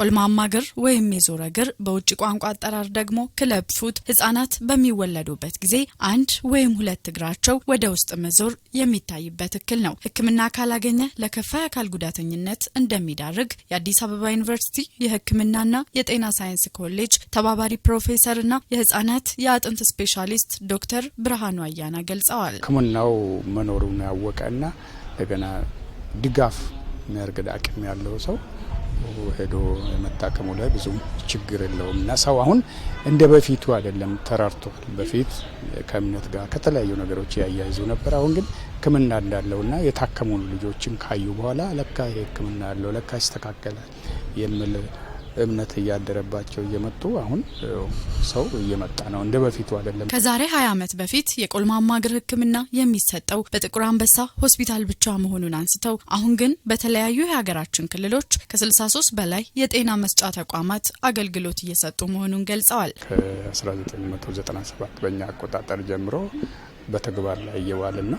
ቆልማማ እግር ወይም የዞረ እግር በውጭ ቋንቋ አጠራር ደግሞ ክለብ ፉት ህጻናት በሚወለዱበት ጊዜ አንድ ወይም ሁለት እግራቸው ወደ ውስጥ መዞር የሚታይበት እክል ነው። ሕክምና ካላገኘ ለከፋ የአካል ጉዳተኝነት እንደሚዳርግ የአዲስ አበባ ዩኒቨርሲቲ የሕክምናና የጤና ሳይንስ ኮሌጅ ተባባሪ ፕሮፌሰርና የህጻናት የአጥንት ስፔሻሊስት ዶክተር ብርሃኑ አያና ገልጸዋል። ሕክምናው መኖሩን ያወቀና እንደገና ድጋፍ የሚያደርግ አቅም ያለው ሰው ሄዶ መታከሙ ላይ ብዙም ችግር የለውም እና ሰው አሁን እንደ በፊቱ አይደለም ተራርቷል። በፊት ከእምነት ጋር ከተለያዩ ነገሮች ያያይዙ ነበር። አሁን ግን ሕክምና እንዳለውና የታከሙ ልጆችን ካዩ በኋላ ለካ ሕክምና ያለው ለካ ይስተካከላል የሚል እምነት እያደረባቸው እየመጡ አሁን ሰው እየመጣ ነው። እንደ በፊቱ አይደለም። ከዛሬ 20 ዓመት በፊት የቆልማማ እግር ሕክምና የሚሰጠው በጥቁር አንበሳ ሆስፒታል ብቻ መሆኑን አንስተው አሁን ግን በተለያዩ የሀገራችን ክልሎች ከ63 በላይ የጤና መስጫ ተቋማት አገልግሎት እየሰጡ መሆኑን ገልጸዋል። ከ1997 በእኛ አቆጣጠር ጀምሮ በተግባር ላይ እየዋልና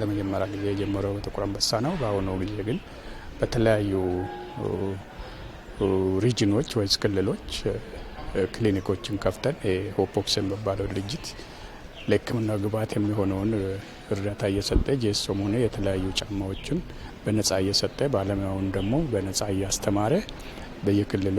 ለመጀመሪያ ጊዜ የጀመረው በጥቁር አንበሳ ነው። በአሁኑ ጊዜ ግን በተለያዩ ሪጅኖች ወይስ ክልሎች ክሊኒኮችን ከፍተን ሆፖክስ የሚባለው ድርጅት ለሕክምና ግብዓት የሚሆነውን እርዳታ እየሰጠ ጄሶም ሆነ የተለያዩ ጫማዎችን በነጻ እየሰጠ ባለሙያውን ደግሞ በነጻ እያስተማረ በየክልሉ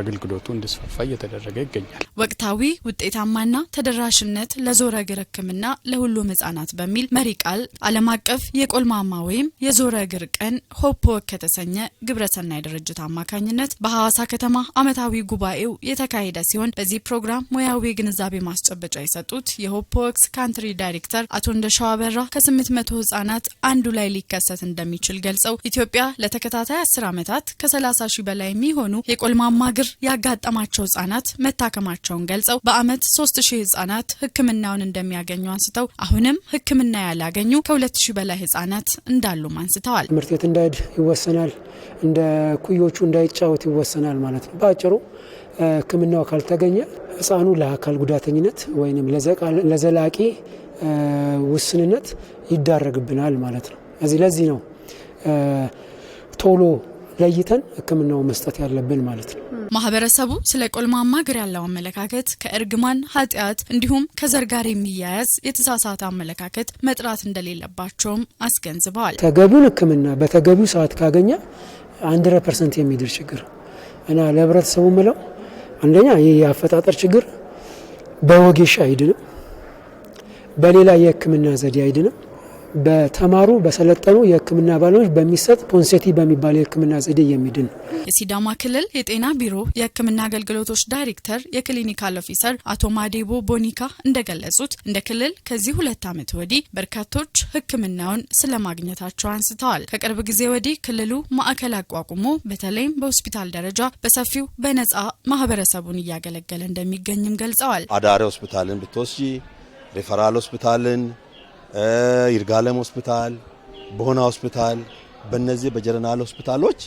አገልግሎቱ እንዲስፋፋ እየተደረገ ይገኛል። ወቅታዊ ውጤታማና ተደራሽነት ለዞረ እግር ሕክምና ለሁሉም ህጻናት በሚል መሪ ቃል ዓለም አቀፍ የቆልማማ ወይም የዞረ እግር ቀን ሆፕወክ ከተሰኘ ግብረሰናይ ድርጅት አማካኝነት በሐዋሳ ከተማ ዓመታዊ ጉባኤው የተካሄደ ሲሆን በዚህ ፕሮግራም ሙያዊ ግንዛቤ ማስጨበጫ የሰጡት የሆፕወክስ ካንትሪ ዳይሬክተር አቶ እንደሻዋ በራ ከስምንት መቶ ህጻናት አንዱ ላይ ሊከሰት እንደሚችል ገልጸው ኢትዮጵያ ለተከታታይ አስር ዓመታት ከ30 ሺህ በላይ የሚሆኑ የቆልማማ እግር ችግር ያጋጠማቸው ህጻናት መታከማቸውን ገልጸው በአመት ሶስት ሺህ ህጻናት ህክምናውን እንደሚያገኙ አንስተው አሁንም ህክምና ያላገኙ ከሁለት ሺህ በላይ ህጻናት እንዳሉም አንስተዋል። ትምህርት ቤት እንዳይሄድ ይወሰናል፣ እንደ ኩዮቹ እንዳይጫወት ይወሰናል ማለት ነው። በአጭሩ ህክምናው ካልተገኘ ህፃኑ ለአካል ጉዳተኝነት ወይም ለዘላቂ ውስንነት ይዳረግብናል ማለት ነው። እዚህ ለዚህ ነው ቶሎ ለይተን ህክምናው መስጠት ያለብን ማለት ነው። ማህበረሰቡ ስለ ቆልማማ እግር ያለው አመለካከት ከእርግማን ኃጢአት፣ እንዲሁም ከዘር ጋር የሚያያዝ የተሳሳተ አመለካከት መጥራት እንደሌለባቸውም አስገንዝበዋል። ተገቢውን ህክምና በተገቢ ሰዓት ካገኘ አንድረ ፐርሰንት የሚድር ችግር እና ለህብረተሰቡ ምለው አንደኛ ይህ የአፈጣጠር ችግር በወጌሻ አይድንም፣ በሌላ የህክምና ዘዴ አይድንም። በተማሩ በሰለጠኑ የህክምና ባለሙያዎች በሚሰጥ ፖንሴቲ በሚባል የህክምና ዘዴ የሚድን የሲዳማ ክልል የጤና ቢሮ የህክምና አገልግሎቶች ዳይሬክተር የክሊኒካል ኦፊሰር አቶ ማዴቦ ቦኒካ እንደገለጹት እንደ ክልል ከዚህ ሁለት ዓመት ወዲህ በርካቶች ህክምናውን ስለማግኘታቸው አንስተዋል። ከቅርብ ጊዜ ወዲህ ክልሉ ማዕከል አቋቁሞ በተለይም በሆስፒታል ደረጃ በሰፊው በነጻ ማህበረሰቡን እያገለገለ እንደሚገኝም ገልጸዋል። አዳሪ ሆስፒታልን ብትወስጂ ሪፈራል ሆስፒታልን ይርጋለም ሆስፒታል፣ ቦና ሆስፒታል፣ በነዚህ በጀረናል ሆስፒታሎች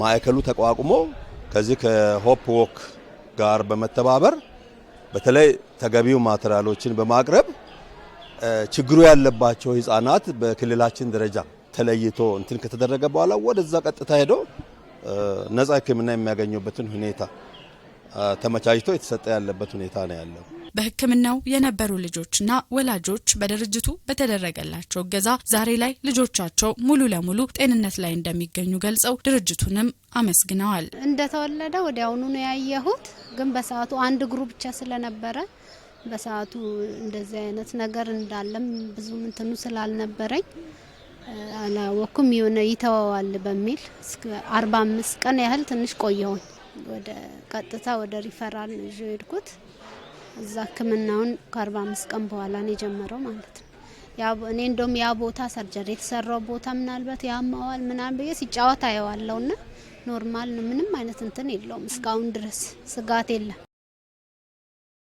ማዕከሉ ተቋቁሞ ከዚህ ከሆፕ ዎክ ጋር በመተባበር በተለይ ተገቢው ማቴሪያሎችን በማቅረብ ችግሩ ያለባቸው ህጻናት በክልላችን ደረጃ ተለይቶ እንትን ከተደረገ በኋላ ወደዛ ቀጥታ ሄዶ ነጻ ሕክምና የሚያገኙበትን ሁኔታ ተመቻችቶ የተሰጠ ያለበት ሁኔታ ነው ያለው። በሕክምናው የነበሩ ልጆችና ወላጆች በድርጅቱ በተደረገላቸው እገዛ ዛሬ ላይ ልጆቻቸው ሙሉ ለሙሉ ጤንነት ላይ እንደሚገኙ ገልጸው ድርጅቱንም አመስግነዋል። እንደተወለደ ወዲያውኑ ነው ያየሁት፣ ግን በሰዓቱ አንድ እግሩ ብቻ ስለነበረ በሰዓቱ እንደዚህ አይነት ነገር እንዳለም ብዙ ምንትኑ ስላልነበረኝ አላወኩም። የሆነ ይተወዋል በሚል እስከ አርባ አምስት ቀን ያህል ትንሽ ቆየሁኝ። ወደ ቀጥታ ወደ ሪፈራል ነው ይዤ ሄድኩት። እዛ ህክምናውን ከአርባ አምስት ቀን በኋላ ነው የጀመረው ማለት ነው። እኔ እንደውም ያ ቦታ ሰርጀሪ የተሰራው ቦታ ምናልባት ያማዋል ምናምን ብዬ ሲጫወት አየዋለሁና ኖርማል ነው። ምንም አይነት እንትን የለውም እስካሁን ድረስ ስጋት የለም።